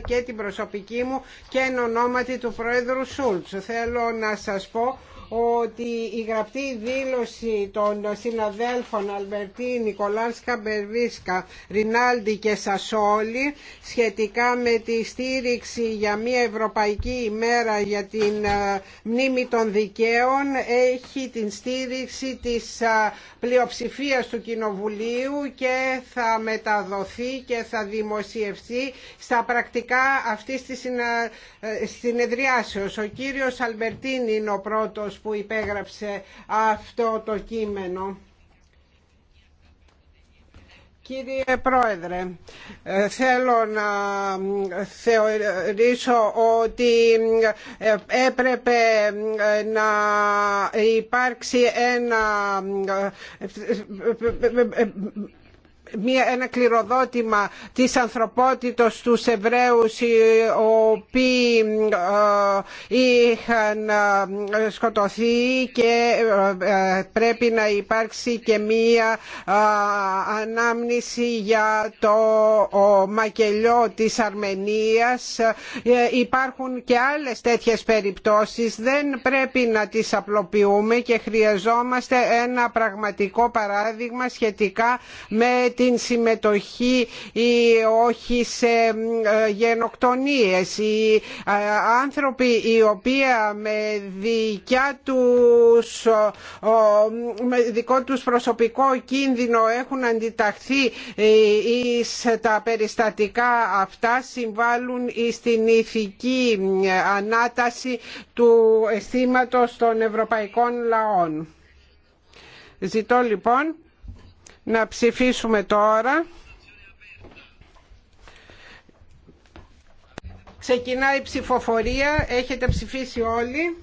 και την προσωπική μου και εν ονόματι του Πρόεδρου Σούλτς. Θέλω να σας πω ότι η γραπτή δήλωση των συναδέλφων Αλμπερτίνη, Νικολάς Μπερβίσκα, Ρινάλντι και Σασόλη σχετικά με τη στήριξη για μια Ευρωπαϊκή ημέρα για την ε, μνήμη των δικαίων έχει την στήριξη της ε, πλειοψηφίας του Κοινοβουλίου και θα μεταδοθεί και θα δημοσιευθεί στα πρακτικά αυτή της ε, συνεδριάσεως. Ο κύριος Αλμπερτίν είναι ο πρώτος που υπέγραψε αυτό το κείμενο. Κύριε Πρόεδρε, ε, θέλω να θεωρήσω ότι ε, έπρεπε ε, να υπάρξει ένα μια, ένα κληροδότημα της ανθρωπότητος στους Εβραίους οι οποίοι ε, είχαν ε, σκοτωθεί και ε, πρέπει να υπάρξει και μια ανάμνηση για το μακελιό της Αρμενίας υπάρχουν και άλλες τέτοιες περιπτώσεις δεν πρέπει να τις απλοποιούμε και χρειαζόμαστε ένα πραγματικό παράδειγμα σχετικά με την συμμετοχή ή όχι σε ε, γενοκτονίες. Οι ε, άνθρωποι οι οποίοι με δικό τους προσωπικό κίνδυνο έχουν αντιταχθεί σε τα περιστατικά αυτά συμβάλλουν στην ηθική ανάταση του αισθήματο των ευρωπαϊκών λαών. Ζητώ λοιπόν να ψηφίσουμε τώρα. Ξεκινάει η ψηφοφορία. Έχετε ψηφίσει όλοι.